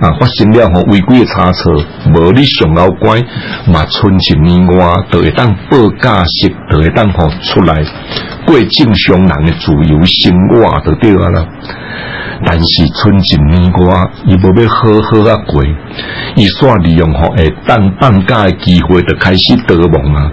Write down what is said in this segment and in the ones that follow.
啊！發生了吼違規嘅差錯，無你上到乖，嘛春節年外會當報假釋，著，會當吼出來過正常人嘅自由生活就對啊啦。但是春節年外伊無要好好啊過，伊煞利用吼會當放假嘅機會，就開始逃亡啊。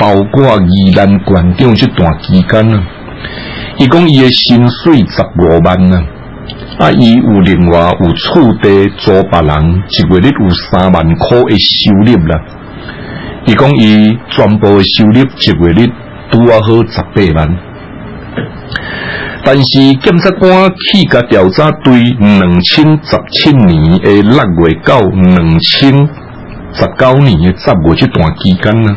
包括宜蘭館長這段期間啊，伊講伊嘅薪水十五萬啊，啊，伊有另外有厝地租，別人一月日有三萬塊嘅收入啦。伊講伊全部嘅收入一月日拄啊好十八萬。但是檢察官去甲調查，對兩千十七年嘅六月到兩千十九年嘅十月這段期間啊。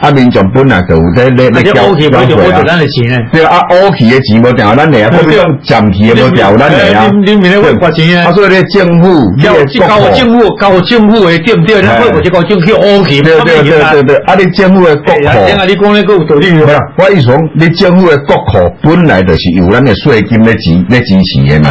啊，民眾本來就有得那那交錢的，對啊，國企的錢冇定啊，咱嚟啊，不這樣賺去冇掉，咱嚟啊。所以那個政府，那個國庫。交政府，交政府的，對不對？你看，不即，交政府，國企，對對對對對。啊，你政府的國庫。啊，你講那個有道理。我意思講你政府的國庫本來就是有咱的稅金那錢那支持的嘛。